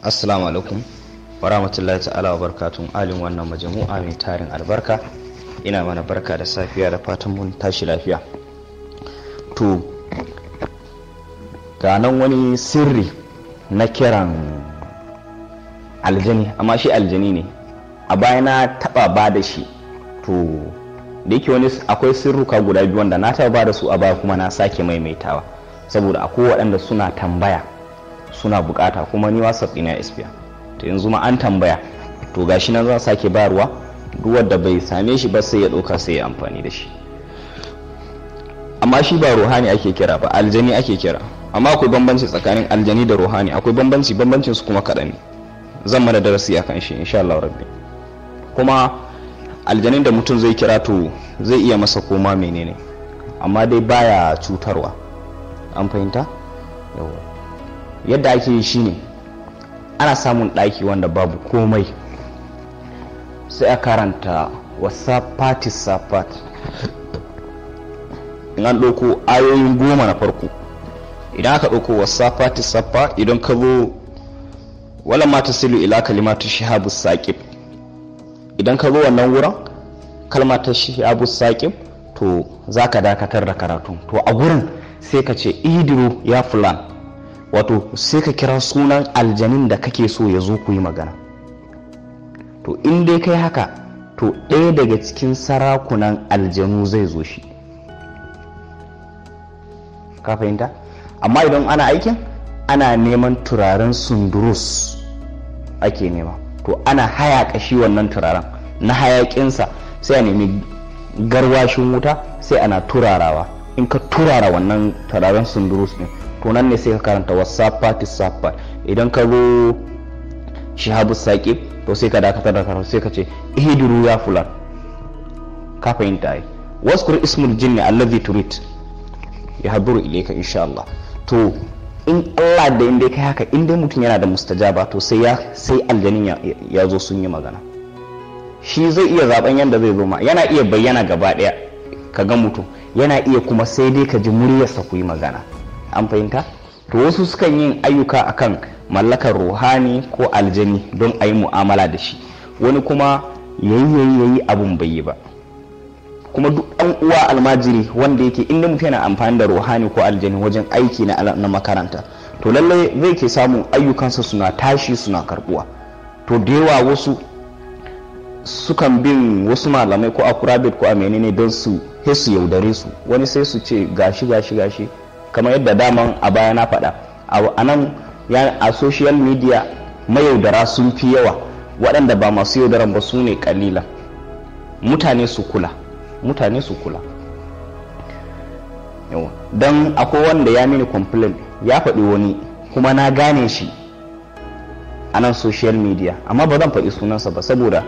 assalamu alaikum warahmatullahi ta'ala wa barkatun alin wannan majamu'a mai tarin albarka ina mana barka da safiya da fatan mun tashi lafiya to ga nan wani sirri na kiran aljani amma shi aljani ne a baya na taba ba da shi to da yake wani akwai sirruka guda biyu wanda na taba ba da su a baya kuma na sake maimaitawa saboda akwai waɗanda suna tambaya suna bukata kuma ni whatsapp ina expire to yanzu ma an tambaya to gashi nan za sake bayarwa duk wanda bai same shi ba sai ya ɗauka sai ya amfani da shi amma shi ba ruhani ake kira ba aljani ake kira amma akwai bambanci tsakanin aljani da ruhani akwai bambanci bambancin su kuma kaɗan zan mana darasi akan shi insha Allah rabbi kuma aljanin da mutum zai kira to zai iya masa koma menene amma dai baya cutarwa an fahimta yawa yadda ake yi shine ana samun ɗaki wanda babu komai sai a karanta fati safat in an ɗauko ayoyin goma na farko idan aka ɗauko wasafati safa idan ka zo wala mata silu ila kalimatu shihabu saƙib idan ka zo wannan wurin kalma ta shihabu saƙib to za ka dakatar da karatu to a gurin sai ka ce idiru ya fulan wato sai ka kira sunan aljanin da kake so ya zo ku yi magana to in dai kai haka to ɗaya daga cikin sarakunan aljanu zai zo shi ka fahimta amma idan ana aikin ana neman turaren sundurus ake nema to ana hayaka shi wannan turaren na hayaƙinsa sai a nemi garwashin wuta sai ana turarawa in ka turara wannan turaren sundurus ne to ne sai ka karanta wasafati safa idan ka zo shahabu saƙi to sai ka dakatar da karatu sai ka ce ihdiru ya fulan ka fahimta wasu kuri ismul ne allazi turit ya haduru ka insha Allah to in Allah da inda kai haka in mutum yana da mustajaba to sai ya sai aljanin ya zo sun yi magana shi zai iya zaben yanda zai zo ma yana iya bayyana gaba ɗaya ka ga mutum yana iya kuma sai dai ka ji muryarsa ku yi magana an fahimta to wasu sukan yin ayyuka akan mallakar ruhani ko aljani don a yi mu'amala da shi wani kuma yayi yayi yayi abun bai yi ba kuma duk ɗan uwa almajiri wanda yake inda mutum yana amfani da ruhani ko aljani wajen aiki na makaranta to lallai zai ke samun ayyukansa suna tashi suna karbuwa to da yawa wasu sukan bin wasu malamai ko a ko a menene don su su yaudare su wani sai su ce gashi gashi gashi kamar yadda daman a baya na faɗa a nan a social media mayaudara sun fi yawa waɗanda ba masu yaudaran ba su ne kalila mutane su kula mutane su kula don akwai wanda ya mini complain ya faɗi wani kuma na gane shi a nan social media amma ba zan faɗi sunansa ba saboda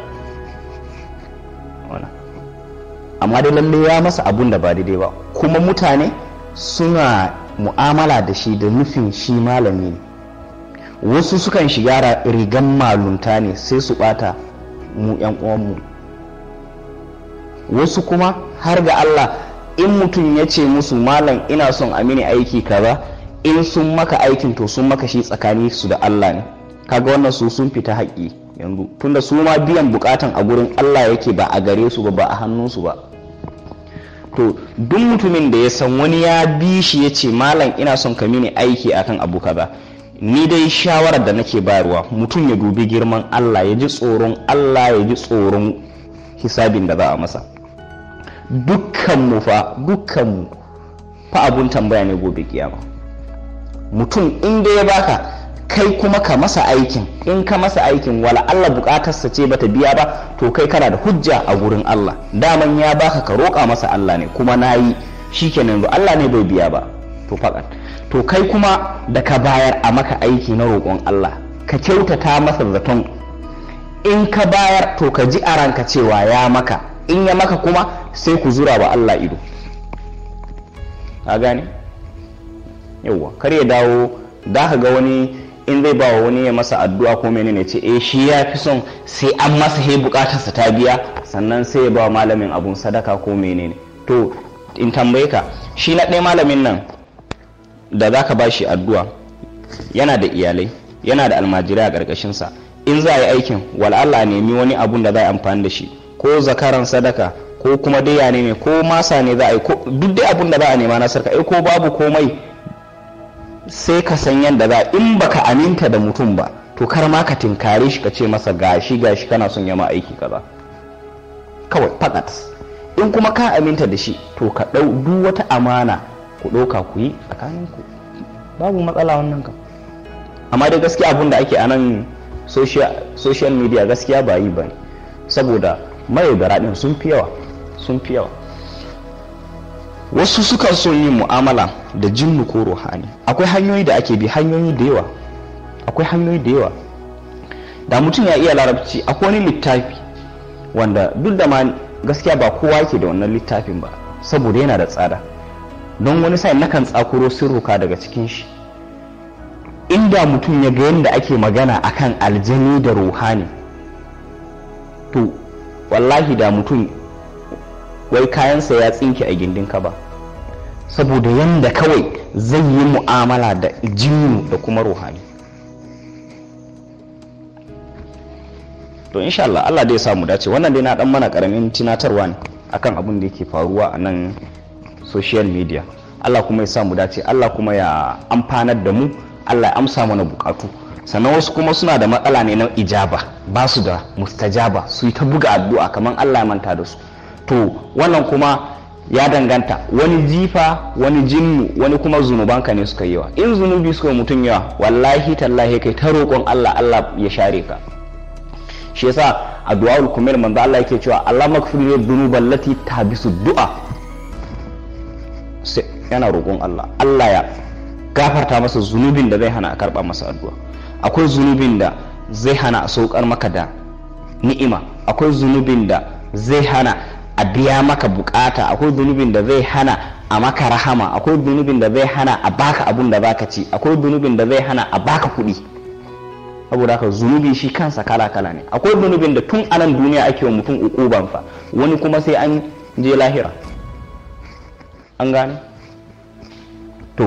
amma dai lallai ya masa abun da ba daidai ba kuma mutane suna mu'amala da shi da nufin shi malami ne wasu sukan shiga rigan malunta ne sai su bata mu yan uwanmu wasu kuma har ga Allah in mutum ya ce musu malam ina son a mini aiki kaza in sun maka aikin to sun maka shi tsakani su da Allah ne kaga wannan su sun fita haƙi yanzu tunda su ma biyan bukatan a gurin Allah yake ba a gare su ba ba a hannunsu ba to duk mutumin da ya san wani ya bi shi ya ce malam ina son ka mini aiki akan abu kaza ni dai shawarar da nake bayarwa mutum ya dubi girman Allah ya ji tsoron Allah ya ji tsoron hisabin da za a masa dukkanmu fa mu fa abun tambaya ne gobe kiyama mutum inda ya baka kai kuma ka masa aikin in ka masa aikin wala Allah bukatarsa ce bata biya ba to kai kana da hujja a gurin Allah daman ya baka ka roƙa masa Allah ne kuma nayi shikenan Allah ne bai biya ba to faɗan to kai kuma da ka bayar a maka aiki na roƙon Allah ka kyautata masa zaton in ka bayar to ka ji a ranka cewa ya maka in ya maka kuma sai ku zura wa Allah ido a gane Yawwa. kar ya dawo da ka ga wani in zai ba wa wani ya masa addu'a ko menene ce eh shi ya fi son sai an masa he bukatarsa ta biya sannan sai ya ba malamin abun sadaka ko menene to in tambaye ka shi na ɗaya malamin nan da za ka ba shi addu'a yana da iyalai yana da almajirai a ƙarƙashinsa in za a yi aikin a nemi wani abun da za a amfani da shi ko zakaran sadaka ko kuma dai ya ne ko masa ne za a yi duk dai abun da za a nema na sarka eh, ko babu komai sai ka san yadda za in baka aminta da mutum ba to kar ma ka tinkare shi ka ce masa gashi gashi kana son yama aiki kaza kawai fakat in kuma ka aminta da shi to ka ɗau duk wata amana ku ɗauka ku yi tsakaninku babu matsala wannan ka. amma dai gaskiya abin da ake a nan social media gaskiya ba yi ba ne saboda mayaudara ɗin sun fi yawa sun fi yawa wasu sukan son yin mu'amala da jinnu ko ruhani akwai hanyoyi da ake bi hanyoyi da yawa akwai hanyoyi da yawa da mutum ya iya larabci akwai wani littafi wanda duk da ma gaskiya ba kowa yake da wannan littafin ba saboda yana da tsada don wani sa'in nakan tsakuro sirruka daga cikin shi inda mutum ya ga yadda ake magana akan aljani da ruhani to wallahi da mutum wai kayansa ya tsinke a gindin ka ba saboda yadda kawai zai yi mu'amala da jinnu da kuma ruhani to insha Allah Allah dai samu dace wannan dai na dan mana karamin tunatarwa ne akan abin da yake faruwa a nan social media Allah kuma ya samu dace Allah kuma ya amfanar da mu Allah ya amsa mana bukatu sannan wasu kuma suna da matsala ne na ijaba ba su da mustajaba su yi ta buga addu'a kamar Allah ya manta da su to wannan kuma ya danganta wani jifa wani jinnu wani kuma zunubanka ne suka yi wa? in zunubi suka mutum yawa wallahi tallahi kai ta roƙon Allah Allah ya share ka shi yasa a du'aul kumail manzo Allah yake cewa Allah maghfir li dhunuban lati tabisu du'a sai yana roƙon Allah Allah ya gafarta masa zunubin da zai hana a karɓa masa addu'a akwai zunubin da zai hana a saukar maka da ni'ima akwai zunubin da zai hana a biya maka bukata akwai zunubin da zai hana a maka rahama akwai zunubin da zai hana a baka abun da baka ci akwai zunubin da zai hana a baka kuɗi saboda haka zunubi shi kansa kala kala ne akwai zunubin da tun anan duniya ake wa mutum ukuban fa wani kuma sai an je lahira an gane to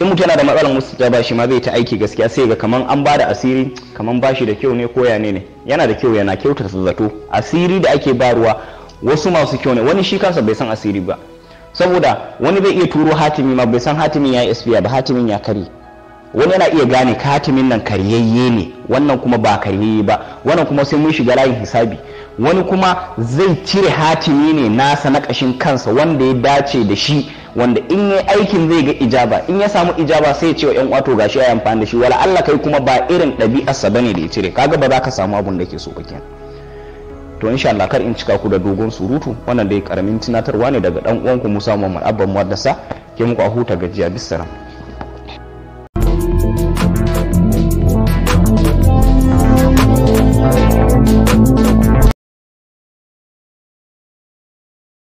in mutum yana da matsalar mustajaba shi ma zai ta aiki gaskiya sai ga kaman an ba da asiri kaman bashi da kyau ne ko ya ne ne yana da kyau yana kyautata zato asiri da ake ruwa wasu masu kyau ne wani shi kansa bai san asiri ba saboda wani bai iya turo hatimi ma bai san hatimin ya yi espiya ba hatimin ya kare wani yana iya gane ka hatimin nan karyayye ne wannan kuma ba karyayye ba wannan kuma sai mun shiga layin hisabi wani kuma zai cire hatimi ne nasa na kashin kansa wanda ya dace da shi wanda in yi aikin zai ga ijaba in ya samu ijaba sai ya ce wa ƴan wato gashi ya amfani da shi wala Allah kai kuma ba irin ɗabi'arsa bane da ya cire kaga ba za ka samu abun da ke so ba kenan to insha Allah kar in cika ku da dogon surutu wannan dai karamin tunatarwa ne daga dan uwanku Musa Muhammad Abban Muhaddasa ke muku a huta gajiya bisaram